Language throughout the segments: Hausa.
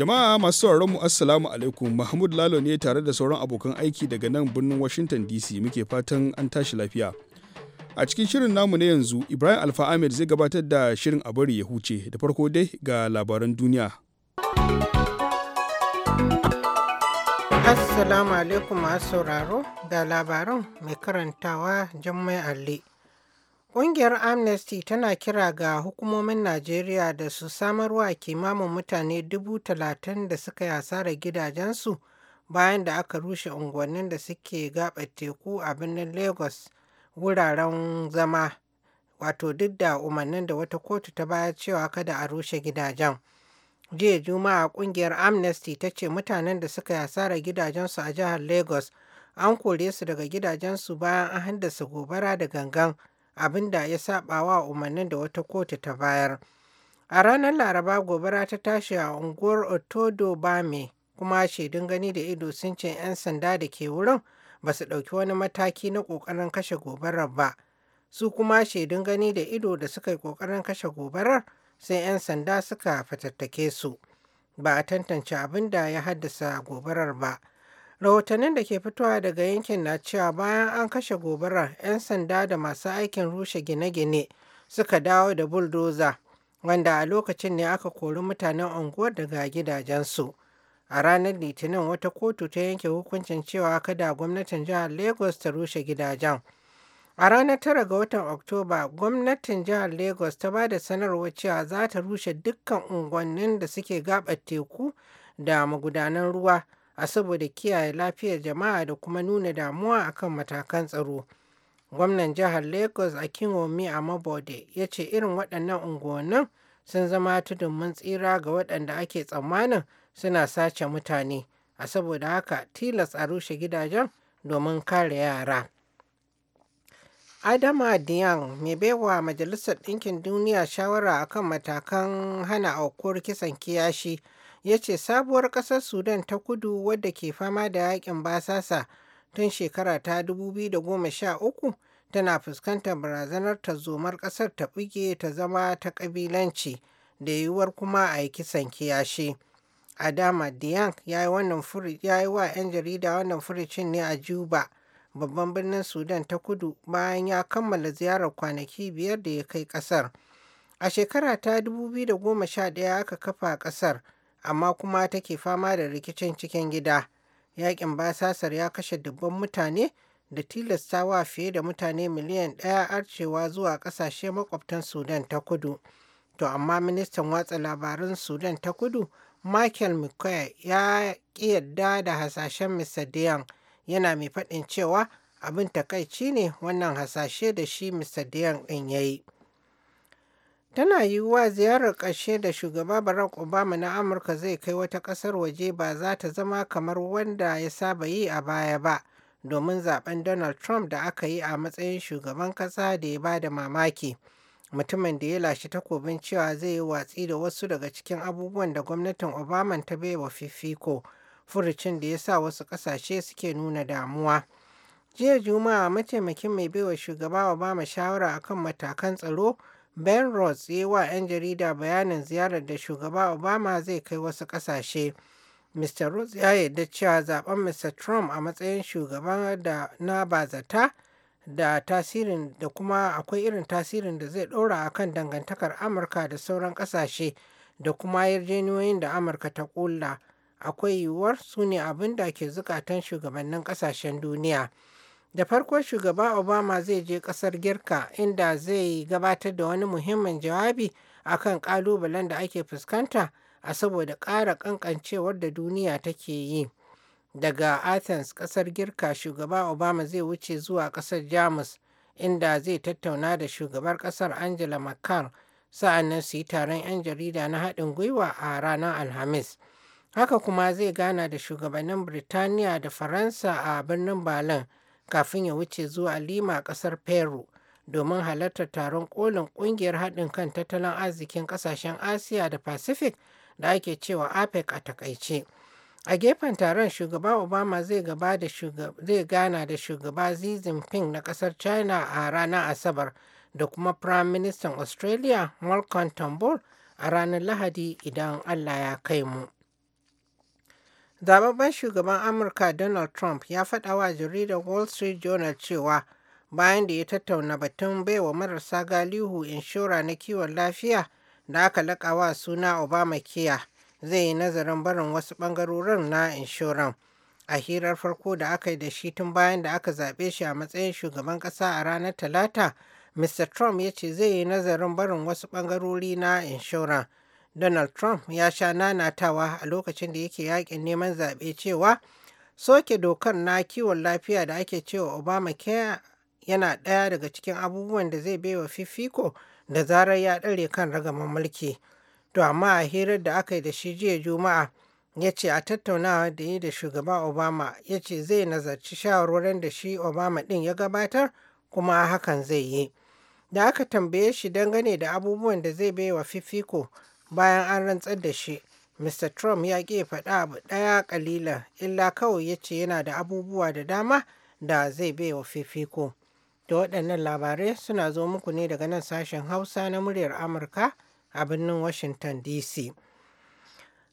Jama'a masu sauraron mu Assalamu alaikum Mahmud Lalo ne tare da sauran abokan aiki daga nan birnin Washington DC muke fatan an tashi lafiya. A cikin shirin namu na yanzu Ibrahim Alfa Ahmed zai gabatar da shirin a bari ya huce da farko dai ga labaran duniya. Assalamu alaikum masu sauraro da labaran mai karantawa Jummai Ali. Ƙungiyar Amnesty tana kira ga hukumomin Najeriya da su samarwa kimamin mutane dubu talatin da suka yi asarar gidajensu bayan da aka rushe unguwannin da suke gaɓa teku a birnin Lagos wuraren zama, wato duk da umarnin da wata kotu ta bayar cewa kada a rushe gidajen. Jiya Juma'a ƙungiyar Amnesty ta ce mutanen da suka yi asarar gidajensu a jihar Lagos an kore su daga gidajensu bayan an haddasa gobara da gangan. abin da ya saba wa umarnin da wata kotu ta bayar. A ranar Laraba gobara ta tashi a unguwar Otodo Bame kuma shaidun gani da ido sun ce 'yan sanda da ke wurin ba su ɗauki wani mataki na ƙoƙarin kashe gobarar ba. Su kuma shaidun gani da ido da suka yi ƙoƙarin kashe gobarar sai 'yan sanda suka fatattake su. Ba a tantance abin da ya haddasa gobarar ba. rahotannin da ke fitowa daga yankin na cewa bayan an kashe gobarar 'yan sanda da masu aikin rushe gine-gine suka dawo da buldoza wanda a lokacin ne aka kori mutanen unguwar daga gidajensu a ranar litinin wata kotu ta yanke hukuncin cewa kada gwamnatin jihar lagos ta rushe gidajen a ranar tara ga watan oktoba gwamnatin jihar lagos ta ba da sanarwar cewa za ta rushe dukkan unguwannin da suke gabar teku da magudanan ruwa a saboda kiyaye lafiyar jama'a da kuma nuna damuwa akan matakan tsaro. Gwamnan jihar Lagos a a mabode ya ce irin waɗannan unguwannin sun zama tudun mun tsira ga waɗanda ake tsammanin suna sace mutane a saboda haka tilas a rushe gidajen domin kare yara. Adama Diyan mai baiwa Majalisar Ɗinkin Duniya shawara akan matakan hana aukuwar kisan kiyashi ya ce sabuwar ƙasar Sudan ta kudu wadda ke fama da yakin basasa tun shekara ta 2013 tana fuskantar barazanar tarzomar ƙasar ta buge ta zama ta ƙabilanci da yiwuwar kuma a yi kisan kiyashi. Adama diyan ya yi wa 'yan jarida wannan furicin ne a Juba, babban birnin Sudan ta kudu bayan ya kammala ziyarar kwanaki biyar da ya kai ƙasar. A shekara ta 2011 aka kafa ƙasar. amma kuma take fama da rikicin cikin gida yakin basasar ya kashe dubban mutane da tilastawa fiye da mutane miliyan ɗaya arcewa zuwa ƙasashe makwabtan sudan ta kudu to amma ministan watsa labarun sudan ta kudu michael mcquay ya ki yarda da hasashen mr Dayan, yana mai faɗin cewa abin takaici ne wannan hasashe da shi mr dian ɗin ya yi Tana yiwuwa ziyarar ƙarshe da Shugaba Barack Obama na Amurka zai kai wata ƙasar waje ba za ta zama kamar wanda ya saba yi a baya ba domin zaben Donald Trump da aka yi a matsayin shugaban ƙasa da ya ba da mamaki. Mutumin da ya lashe takobin cewa zai yi watsi da wasu daga cikin abubuwan da gwamnatin Obama ta baiwa fifiko, furucin da ya sa wasu ƙasashe suke nuna damuwa. Jiya Juma'a mataimakin mai baiwa shugaba Obama shawara akan matakan tsaro Ben Rhodes ya yi wa 'yan jarida bayanin ziyarar da shugaba Obama zai kai wasu ƙasashe. Mr. Rhodes ya yarda cewa zaben Mr. Trump a matsayin shugaba da na bazata da tasirin da kuma akwai irin tasirin da zai ɗora a kan dangantakar Amurka da sauran ƙasashe da kuma yarjejeniyoyin da Amurka ta ƙulla. Akwai yiwuwar su ne abin da ke zukatan shugabannin ƙasashen duniya. Da farko shugaba Obama zai je kasar Girka inda zai gabatar da wani muhimmin jawabi a kan kalubalen da ake fuskanta a saboda ƙara ƙanƙancewar da duniya take yi. Daga Athens kasar Girka shugaba Obama zai wuce zuwa kasar Jamus inda zai tattauna da shugabar kasar Angela Merkel sa'annan su yi taron 'yan jarida na haɗin gwiwa a ranar Alhamis. Haka kuma zai gana da shugabannin Birtaniya da Faransa a birnin balin. kafin ya wuce zuwa Lima a ƙasar Peru domin halartar taron kolin ƙungiyar haɗin kan tattalin arzikin ƙasashen Asiya da Pacific da ake cewa APEC a e takaice. A gefen taron shugaba Obama zai gana da shugaba Xi Jinping na ƙasar China a ranar Asabar da kuma Prime Minister Australia Malcolm Turnbull a ranar Lahadi idan Allah ya kai mu. Zababben shugaban Amurka Donald Trump ya faɗa wa jaridar Wall Street Journal cewa bayan da ya tattauna batun baiwa marasa galihu inshora na kiwon lafiya da aka laƙawa suna Obamacare zai yi nazarin barin wasu ɓangarorin na inshoran. A hirar farko da aka yi da shi tun bayan da aka zaɓe shi a matsayin shugaban ƙasa a ranar Talata, Mr. Trump ya ce zai yi nazarin barin wasu ɓangarori na inshoran. Donald Trump ya sha nanatawa a lokacin da yake yakin neman zaɓe cewa soke dokar na kiwon lafiya da ake cewa Obama ke yana ɗaya daga cikin abubuwan da zai baiwa fifiko da zarar ya ɗare kan ragaman mulki. To amma a hirar da aka yi da shi jiya Juma'a ya ce a tattaunawa da yi da shugaba Obama ya ce zai nazarci shawarwarin da shi Obama ɗin ya gabatar kuma hakan zai yi. Da aka tambaye shi dangane da abubuwan da zai baiwa fifiko bayan an rantsar da shi mr trump ya ƙi faɗa abu ɗaya ƙalilan illa kawai ya ce yana da abubuwa da dama da zai bai wa fifiko da waɗannan labarai suna zo muku ne daga nan sashen hausa na muryar amurka a birnin washington dc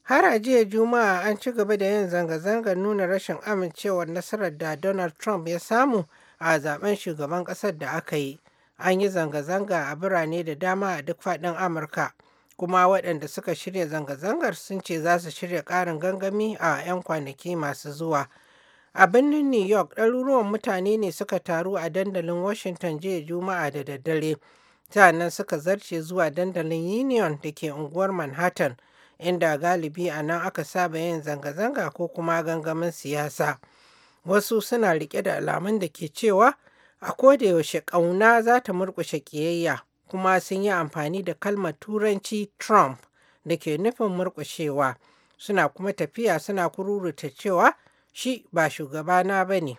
har a jiya juma'a an ci gaba da yin zanga-zangar nuna rashin amincewar nasarar da donald trump ya samu a zaben shugaban ƙasar da aka yi an yi zanga-zanga a birane da dama a duk faɗin amurka kuma waɗanda suka shirya zanga-zangar sun ce za su shirya ƙarin gangami a 'yan kwanaki masu zuwa a birnin new york ɗaruruwan mutane ne suka taru a dandalin washington jiya juma'a da daddare sannan suka zarce zuwa dandalin union da ke unguwar manhattan inda galibi a nan aka saba yin zanga-zanga ko kuma gangamin siyasa wasu suna riƙe da alamun da ke cewa a kodayaushe ƙauna za ta murƙushe ƙiyayya kuma sun yi amfani da kalmar turanci Trump da ke nufin murƙushewa. Suna kuma tafiya suna kururuta cewa shi ba shugabana ba ne.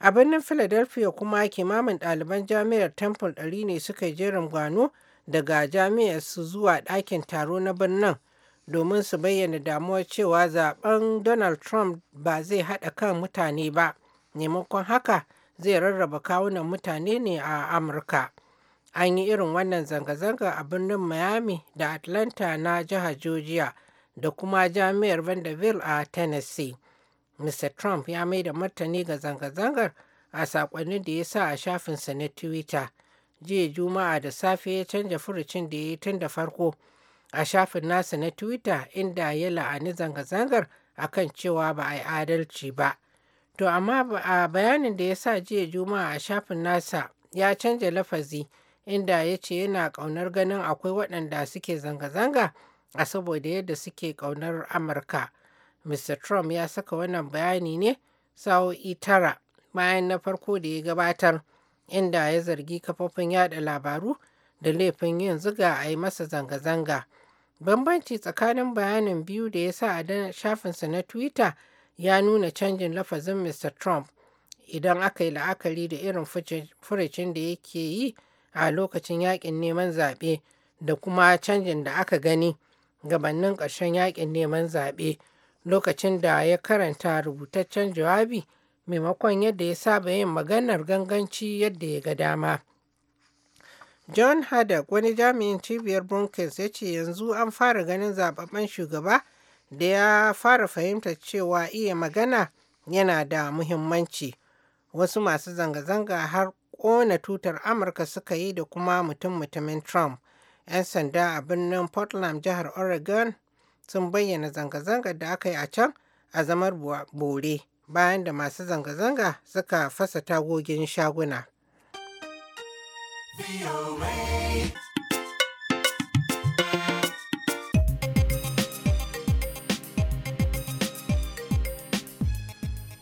A birnin Philadelphia kuma kimamin ɗaliban jami'ar Temple ɗari ne suka jerin gwano daga jami'ar su zuwa ɗakin taro na birnin domin su bayyana damuwar cewa zaben Donald Trump ba zai haɗa kan mutane ba, maimakon haka zai rarraba kawunan mutane ne a Amurka. An yi irin wannan zanga-zanga a birnin Miami da Atlanta na jihar Georgia da kuma Jami'ar Vanderbilt a Tennessee. Mr. Trump ya mai da martani ga zanga-zangar a sakonnin da ya sa a shafinsa na Twitter. Jiya Juma'a da safe ya canja furucin da ya yi tun da farko a shafin nasa na Twitter inda ya la'ani zanga-zangar akan cewa ba a yi adalci ba. To amma a bayanin da ya sa jiya Juma'a a shafin nasa ya canja lafazi inda ya ce yana ƙaunar ganin akwai waɗanda suke zanga-zanga a saboda yadda suke ƙaunar amurka mr trump ya saka wannan bayani ne sa'o'i tara bayan na farko da ya gabatar inda ya zargi kafofin yada labaru da laifin yin ziga a yi masa zanga-zanga bambanci tsakanin bayanin biyu da ya sa a shafinsa na twitter ya nuna canjin lafazin mr trump idan aka yi la'akari da irin furicin da yake yi a lokacin yaƙin neman zaɓe da kuma canjin da aka gani gabanin ƙarshen yakin neman zaɓe lokacin da ya karanta rubutaccen jawabi maimakon yadda ya saba yin maganar ganganci yadda ya ga dama. John Haddock wani jami'in cibiyar Brookings ya ce yanzu an fara ganin zababben shugaba da ya fara fahimtar cewa iya magana yana da muhimmanci. Wasu masu zanga-zanga har ƙona tutar Amurka suka yi da kuma mutum-mutumin Trump. 'Yan sanda a birnin Portland jihar Oregon sun bayyana zanga zanga da aka yi a can a zamar bore bayan da masu zanga-zanga suka fasa tagogin shaguna.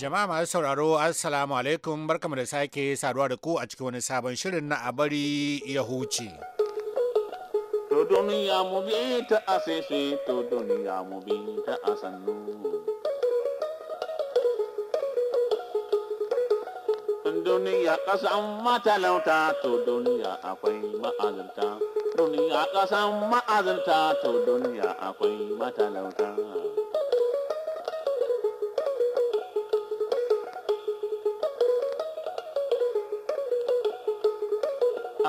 Jama'a masu sauraro Assalamu alaikum barkamu da sake saduwa da ku a cikin wani sabon shirin na a bari ya huce. To duniya mu bi ta asese to duniya mu bi ta asannu. Duniya ƙasan matalauta to duniya akwai ma'azinta. Duniya ƙasan ma'azinta to duniya akwai matalauta.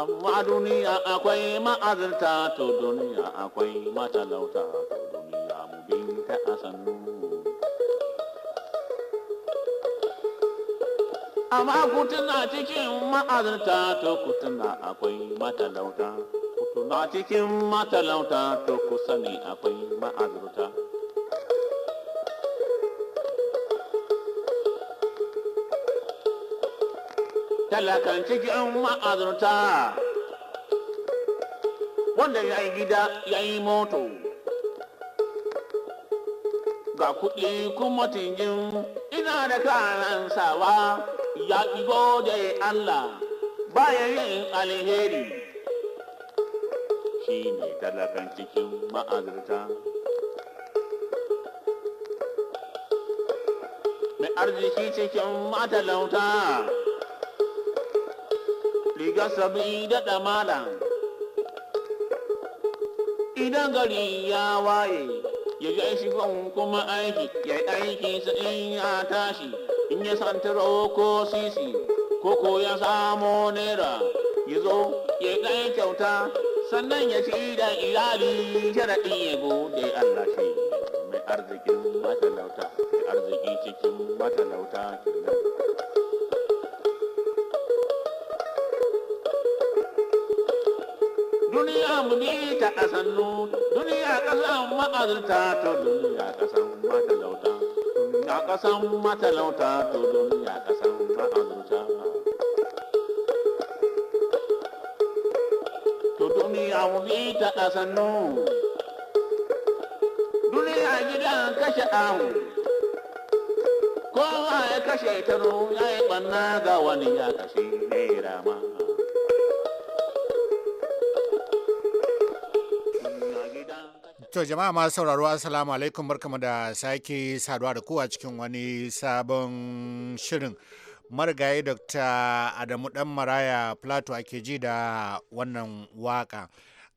amma duniya akwai ma'azarta to duniya akwai matalauta to duniya mu binta a sannu amma kutuna cikin ma'azarta to kutuna akwai matalauta kutuna cikin matalauta to kusa ne akwai ma'azarta talakan cikin ma'azurta wanda ya yi gida ya yi moto ga kuɗi kuma tingin ina da kanan sawa ya gode Allah bayan yin alheri shi ne talakan cikin ma'azurta mai arziki cikin matalauta shiga sabi da malam idan gari ya waye ya ji shigon kuma aiki ya yi aiki sa in ya tashi in ya santaro ko sisi ko ya samo naira ya zo ya yi kyauta sannan ya ci da iyali sharaɗi ya gode Allah shi mai arzikin matalauta arziki cikin matalauta lauta. duniya muni ta a sannu duniya kasan ma'azurta to duniya kasan matalauta duniya kasan matalauta to duniya kasan ma'azurta to duniya muni ta a sannu duniya gidan kashe ahu kowa ya kashe ta ya yi ɓanna ga wani ya kashe ne rama To jama'a masu sauraro assalamu alaikum barkamu da sake saduwa da kowa cikin wani sabon shirin. marigayi Dr. Adamu Dan Maraya Plato ake ji da wannan waka.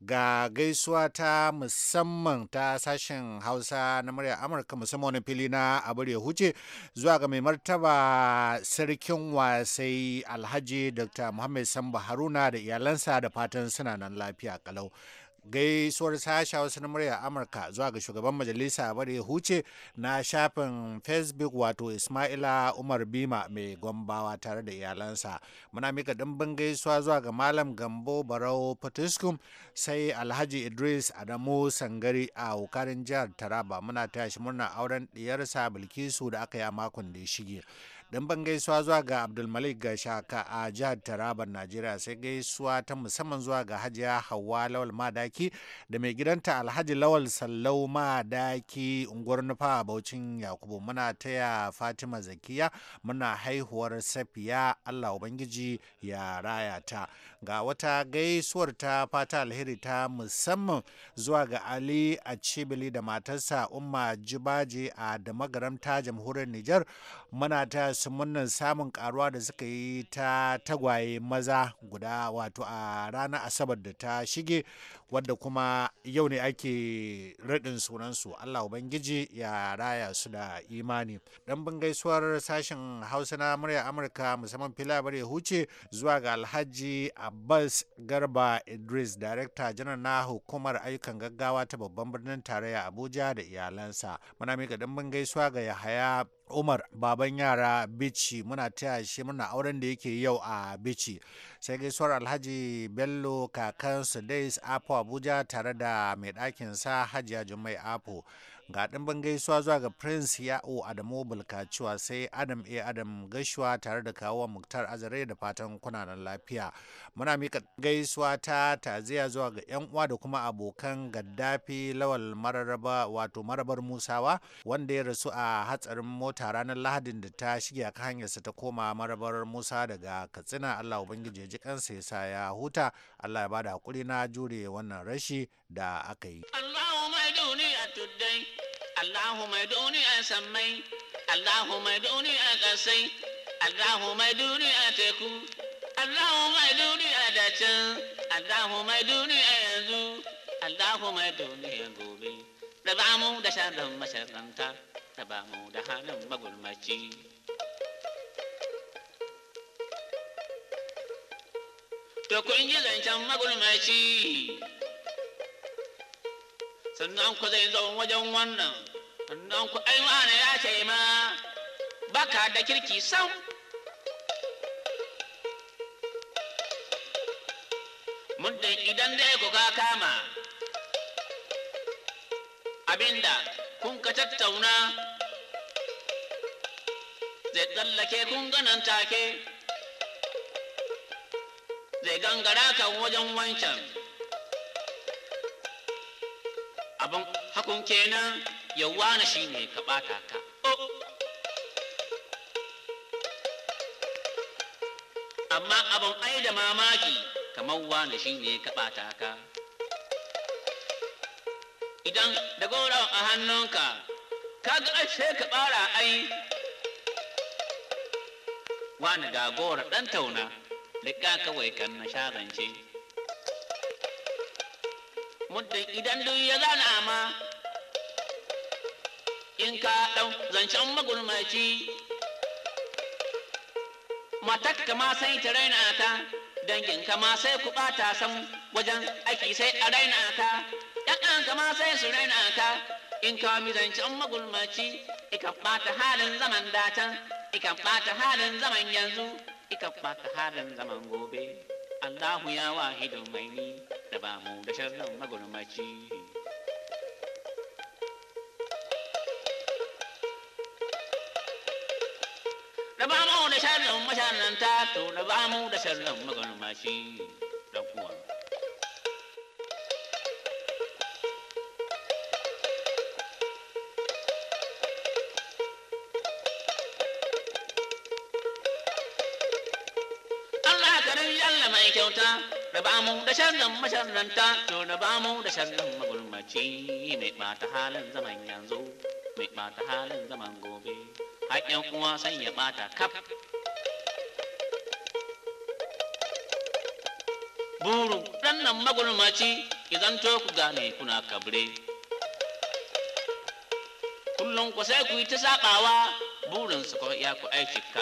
Ga gaisuwa ta musamman ta sashen Hausa na murya Amurka musamman wani fili na abar ya huce zuwa ga mai martaba sarkin wasai Alhaji Dr. Muhammad Samba Haruna da iyalansa da fatan suna nan lafiya kalau. gaisuwar sasha wasu na murya amurka zuwa ga shugaban majalisa bari ya huce na shafin facebook wato ismaila umar bima mai gombawa tare da iyalansa muna mika dimbin gaisuwa zuwa ga malam gambo barau patiskum sai alhaji idris adamu sangari a hukarin jihar taraba muna tashi murna auren diyarsa bilkisu da aka yi a makon da ya shige ban gaisuwa zuwa ga Abdulmalik Gashaka a jihar Taraban Najeriya sai gaisuwa ta musamman zuwa ga Hajiya Hauwa Lawal Madaki da mai gidanta Alhaji Lawal Sallau Madaki unguwar Nufa a Baucin Yakubu muna taya Fatima Zakiya muna haihuwar Safiya Allah Ubangiji ya raya ta ga wata gaisuwar ta fata alheri ta musamman zuwa ga Ali a Cibili da matarsa Umma Jibaje a Damagaram ta jamhuriyar Nijar muna ta sun wannan samun karuwa da suka yi ta tagwaye maza guda wato a ranar asabar da ta shige wadda kuma yau ne ake raɗin sunansu allah ubangiji ya raya su da imani dan bin gaisuwar sashen hausa na murya amurka musamman filabar ya huce zuwa ga alhaji abbas garba idris darekta janar na hukumar ayyukan gaggawa ta babban birnin tarayya abuja da iyalansa muna mika dan bin gaisuwa ga yahaya Umar baban yara bici, muna taya shi muna auren da yake yau a bici, sai gaisuwar Alhaji Bello kakan Sudais Apo Abuja tare da mai ɗakin sa Hajiya Jummai Apo ga ban gaisuwa zuwa ga prince ya'o adamu bulkaciwa sai adam a adam gaisuwa tare da kawo muktar azare da fatan kunanan lafiya muna mika gaisuwa ta taziya zuwa ga yan uwa da kuma abokan gaddafi lawal mararaba wato marabar musawa wanda ya rasu a hatsarin mota ranar lahadin da ta shige a hanyarsa ta koma marabar musa daga katsina allah ubangiji ya ji ya sa ya huta allah ya bada hakuri na jure wannan rashi da aka yi tuddai Allahumma duni a sammai Allahumma duni a ƙasai Allahumma duni a teku Allahumma duni a dacen Allahumma duni a yanzu Allahumma duni a gobe Raba mu da sharrin masharranta Raba mu da halin magulmaci To kun yi zancen magulmaci sannan ku zai zo wajen wannan sannan ku ai wani ya ce ma baka da kirki sam muddin idan dai ku ka kama abinda kun ka tattauna zai tsallake kun ganan take zai gangara kan wajen wancan abin hakun kenan yawwa na shine ka ɓata ka amma abin ai da mamaki kamar wani shi ne ka ɓata ka idan da goron a hannunka ka ga ashe ka ɓara ai wani ga gora ɗan tauna ka kawai kan na sha muddin idan duk ya zana ma in ka ɗau zancen magulmaci matar ka ma sai ta raina ta dangin ka ma sai ku ɓata san wajen aiki sai a raina ta ɗan ka ma sai su raina ta in ka mi zancen magulmaci ikan ɓata halin zaman datan ikan ɓata halin zaman yanzu ikan ɓata halin zaman gobe Allahu ya wahidu mai ni da ba mu da shirin magulmaci da ba mu da shirin mashananta to da ba mu da shirin magulmaci ba mu da sharrin masharranta to ba mu da sharrin magulmaci mai bata halin zaman yanzu mai bata halin zaman gobe haƙƙin uwa san ya bata kaf buru ɗan nan magulmaci idan to ku gane kuna kabre kullum ku sai ku yi ta saɓawa su ko ya ku aiki ka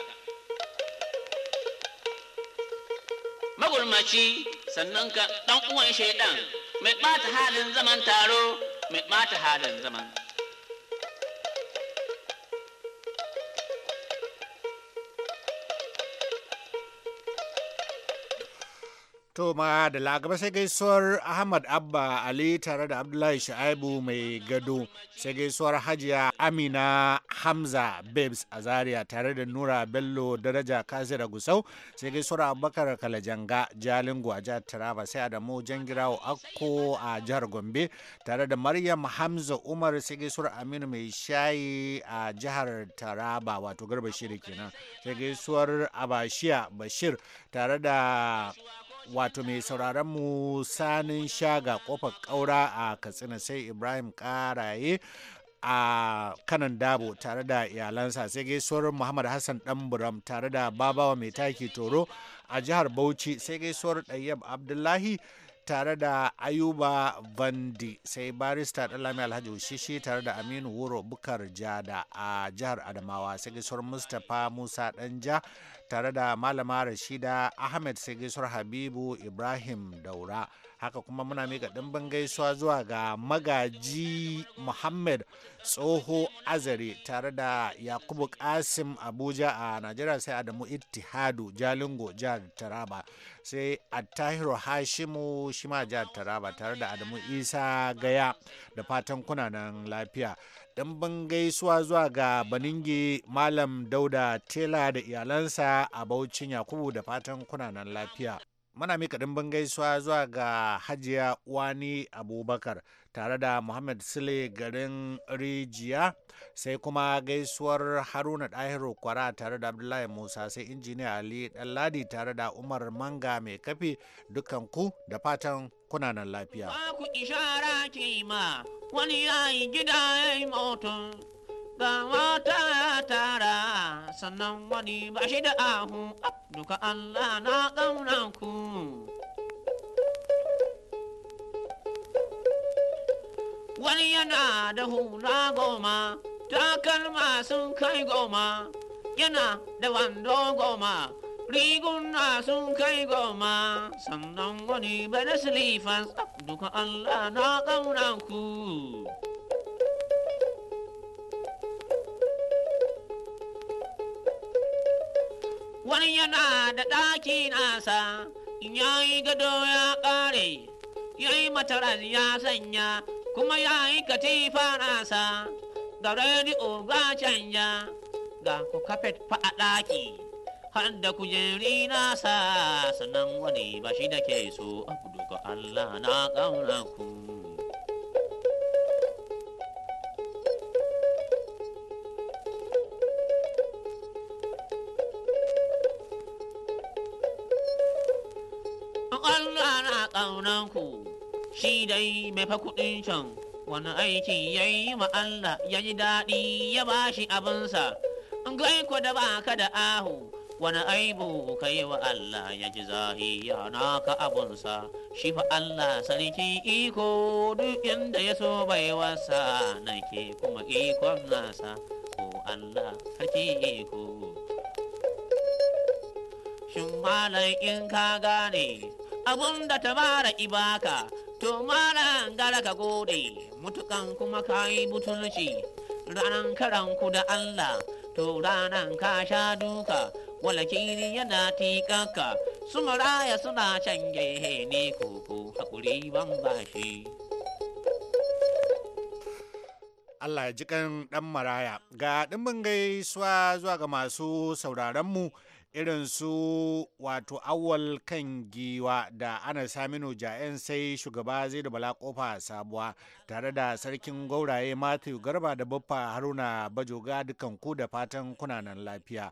magulmaci sannan ka ɗan uwan shaidan mai ɓata halin zaman taro mai ɓata halin zaman To ma da lagaba sai gaisuwar Ahmad Abba Ali tare da Abdullahi Shu'aibu mai gado sai gaisuwar Hajiya Amina Hamza Babes a Zaria tare da Nura Bello Daraja da Gusau sai gaisuwar Abubakar Kalajanga Jalingo a jihar Taraba sai Adamu Jangirawo Akko a jihar Gombe tare da Maryam Hamza Umar sai gaisuwar Aminu Mai Shayi a jihar Taraba wato Garba Shiri kenan sai gaisuwar Abashiya Bashir tare da wato mai sauraron mu sanin shaga kofar kaura a katsina sai ibrahim karaye a kanan dabo tare da iyalansa sai gaisuwar muhammad hassan buram tare da babawa mai taki toro a jihar bauchi sai gaisuwar ɗayyab abdullahi tare da ayuba vandi sai barista dalami alhaji shishi tare da aminu wuro bukar jada a jihar adamawa sai gaisuwar mustapha musa danja tare da malama Rashida Ahmed sai gaisuwar Habibu Ibrahim Daura. Haka kuma muna mika ɗimbin gaisuwa zuwa ga magaji Muhammad Tsoho Azare tare da Yakubu Kasim Abuja a Najeriya sai Adamu Ittihadu Jalingo jihar Taraba sai Attahiru Hashimu shima jihar Taraba tare da Adamu Isa Gaya da fatan kunanan lafiya. ɗimbin gaisuwa zuwa ga Baningi, malam dauda tela da iyalansa a baucin yakubu da fatan kunanan lafiya muna mika ɗimbin gaisuwa zuwa ga hajiya wani abubakar tare da muhammad sule garin rijiya sai kuma gaisuwar haruna ɗahiru kwara tare da abdullahi musa sai injiniya ali ɗanladi tare da umar manga mai kafi dukanku da fatan kuna nan lafiya. Ba ku ishara ke ma wani yayi gida ya yi mutum ga mata ya tara sannan wani ba shi da ahu duka Allah na ƙaunan ku. Wani yana da hula goma takalma sun kai goma yana da wando goma. riguna sun kai goma sannan wani bane silifas duka Allah na ƙauna ku. Wani yana da ɗaki nasa, ya yi gado ya ƙare, ya yi mataras ya sanya, kuma ya yi katifa nasa, ga rediyo ga canja, ga ku kafet fa a ɗaki. hadda kujeri na sa sanan wani ba shi da ke so abu duka Allah na ƙauna ku. Allah na shi dai mai fa kuɗin can wani aiki ya yi ma Allah ya ji daɗi ya ba shi abinsa. Gai ku da ba ka da ahu wani aibu ka yi wa Allah ya ji zahiya naka abunsa shi fa Allah sarki iko duk inda ya so bai wasa nake kuma ikon nasa ko Allah sarki iko shin malam in ka gane abun da tabara ibaka to malam gara ka gode mutukan kuma ka yi butulci ranan karanku da Allah to ranan ka sha duka walakiri yana tikaka su maraya suna canje ne koko hakuri ban bashi Allah ya ji kan ɗan maraya ga ɗimbin gaisuwa zuwa ga masu sauraronmu mu irin su wato awal kan giwa da ana saminu ja'en sai shugaba zai da bala kofa sabuwa tare da sarkin gauraye matthew garba da baffa haruna bajoga dukan ku da fatan kunanan lafiya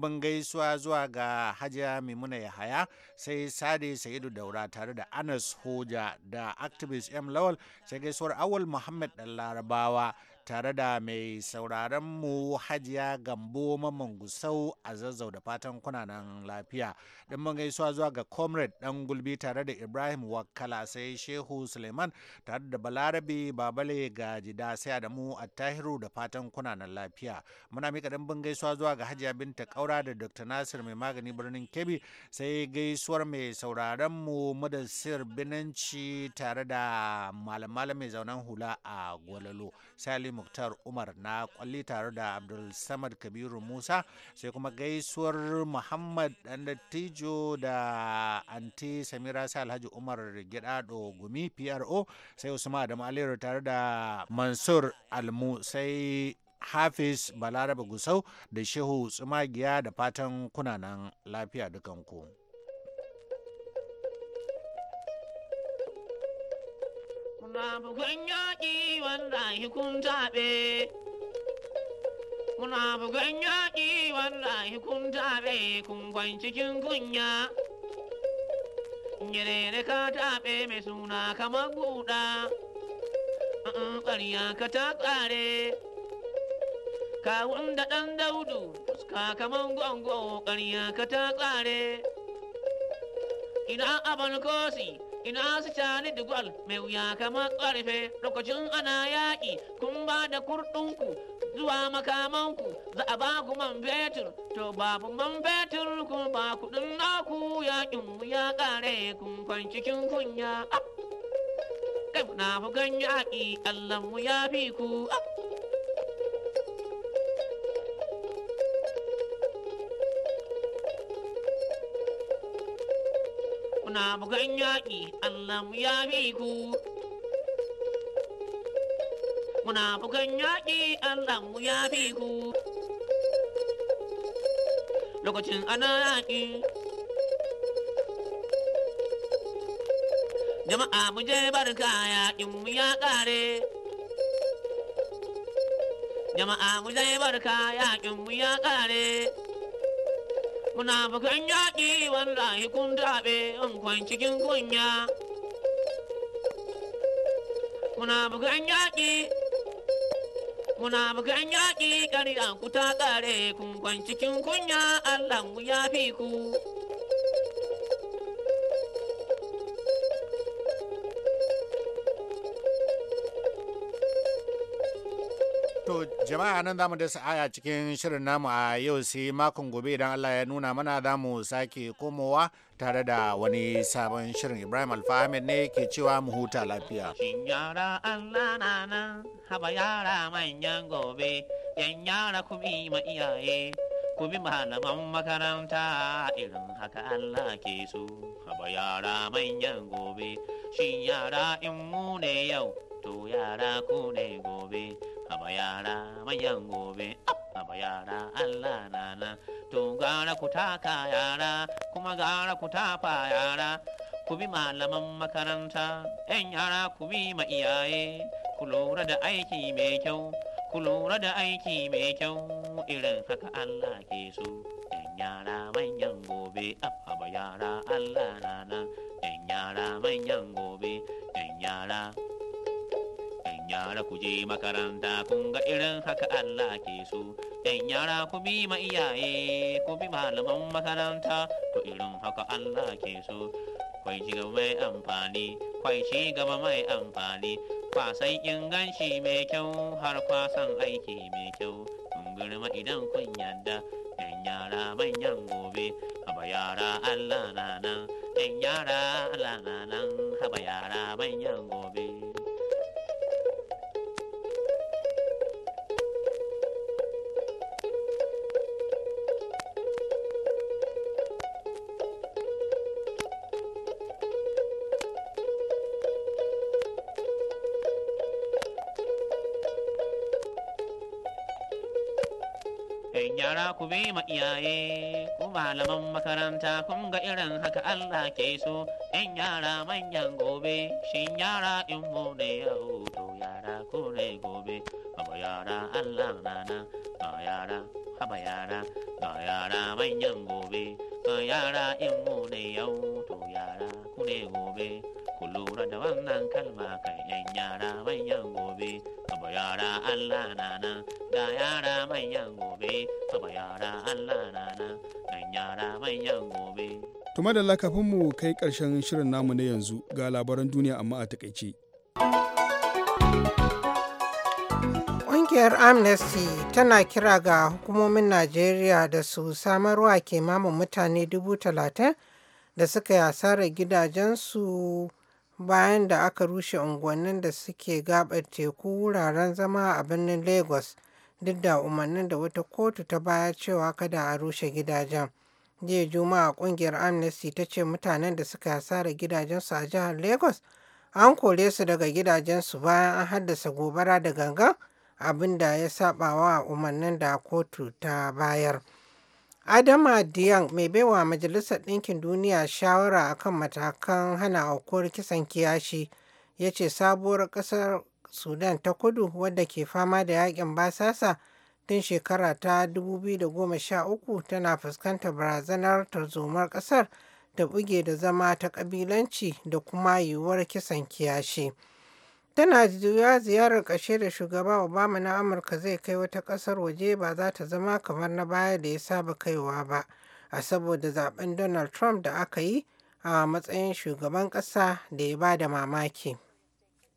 ban gaisuwa zuwa ga hajiya maimuna haya sai sade sa'idu daura tare da anas hoja da activist m lawal sai gaisuwar awal muhammad dan larabawa tare da mai sauraron mu hajiya gambo mamman gusau a zazzau da fatan kunanan lafiya don mun gaisuwa zuwa ga comrade dan gulbi tare da ibrahim wakala sai shehu suleiman tare da balarabe babale ga jida sai adamu a tahiru da fatan kunanan lafiya muna mika dimbin gaisuwa zuwa ga hajiya binta kaura da dr nasir mai magani birnin kebbi sai gaisuwar mai sauraron mu madasir binanci tare da malam malam mai zaunen hula a gwalalo salim muktar umar na kwalli tare da abdul samad kabiru musa sai kuma gaisuwar muhammad dan dattijo da anti samira sai alhaji umar gidado gumi pro sai usman adamu aliyu tare da mansur almu sai hafiz balaraba gusau da shehu tsumagiya da fatan kunanan lafiya dukanku. bugon yaƙi wanda hikun taɓe. Muna bugon yaƙi wanda hikun taɓe kun cikin kunya. Nyerere ka mai suna kamar guda. Ƙarya ka ta ƙare. Kawun da ɗan daudu fuska kamar gongo ƙarya ka ta ƙare. Ina abin kosi ina su tani dugwal mai wuya kama karfe lokacin ana yaƙi kun ba da kurɗinku zuwa makamanku za a ba ku man fetur to babu man fetur ku ba kuɗin naku yaƙin ya ƙare kun cikin kunya kai na fugan yaƙi mu ya fi ku na bugan yaƙi Allah mu ya bi ku. Muna bugan yaƙi Allah mu ya bi ku. Lokacin ana yaƙi. Jama'a mu je barka yaƙin mu ya ƙare. Jama'a mu je barka yaƙin mu ya ƙare. Muna bukan yaƙi wallahi kun daɓe in kwan cikin kunya. Muna bukan yaƙi Muna bukan yaƙi ƙarya ku ta ƙare kun kwan cikin kunya Allah mu ya fi ku. Jama'a nan zamu da sa'aya cikin shirin namu a yau sai makon gobe idan Allah ya nuna mana za mu sake komowa tare da wani sabon shirin Ibrahim Alfahamed ne ke cewa mu huta lafiya. Shin yara Allah na nan haba yara manyan gobe, yan yara ku bi ma iyaye, ku malaman makaranta irin haka Allah ke so. Haba yara manyan gobe, shin yara in mu ne yau, to yara ku ne gobe. Aba yara mayan aba yara Allah nana. To gara kutaka yara, kuma gara yara. Ku bi malaman makaranta, ‘yan yara ku bi ma iyaye, ku da aiki mai kyau, ku da aiki mai kyau, irin haka Allah ke so. ‘Yan yara manyan aba yara Allah nana. ‘Yan yara manyan gobe, yara. yara ku je makaranta kun ga irin haka Allah ke so yan yara ku bi ma iyaye ku bi malaman makaranta to irin haka Allah ke so kwai ci gaba mai amfani kwai ci gaba mai amfani kwasan inganci mai kyau har kwasan aiki mai kyau kun girma idan kun yadda yan yara manyan gobe haba yara Allah na nan yan yara Allah na nan haba yara manyan gobe ku bi ma iyaye ku malaman makaranta kun ga irin haka Allah ke so in yara manyan gobe shin yara in mu ne yau to yara ku ne gobe haba yara Allah nana ga yara haba yara ga yara manyan gobe ga yara in mu ne yau to yara ku ne gobe ku lura da wannan kalma kan yan yara manyan gobe haba yara Allah nana ga yara manyan gobe To madalla kafin mu kai ƙarshen shirin namu na yanzu ga labaran duniya amma a takaice. Ƙungiyar Amnesty tana kira ga hukumomin Najeriya da su samarwa kimanin mutane dubu talatin da suka yi asarar gidajensu bayan da aka rushe unguwannin da suke gabar teku wuraren zama a birnin Lagos. duk da umarnin da wata kotu ta baya cewa kada a rushe gidajen. Jiya Juma'a kungiyar Amnesty ta ce mutanen da suka hasara gidajensu a jihar Lagos an kore su daga gidajensu bayan an haddasa gobara da gangan abin da ya saba wa umarnin da kotu ta bayar. Adama Diang mai baiwa Majalisar Ɗinkin Duniya shawara akan matakan hana aukuwar kisan kiyashi ya ce sabuwar ƙasar sudan ta kudu wadda ke fama da yakin basasa tun shekara ta 2013 tana fuskantar barazanar tarzomar kasar da buge da zama ta kabilanci da kuma yiwuwar kisan kiyashi tana juya ziyarar ƙashe da shugaba obama na amurka zai kai wata ƙasar waje ba za ta zama kamar na baya da ya saba kaiwa ba a saboda zaben donald trump da aka yi a matsayin shugaban ƙasa da ya ba da mamaki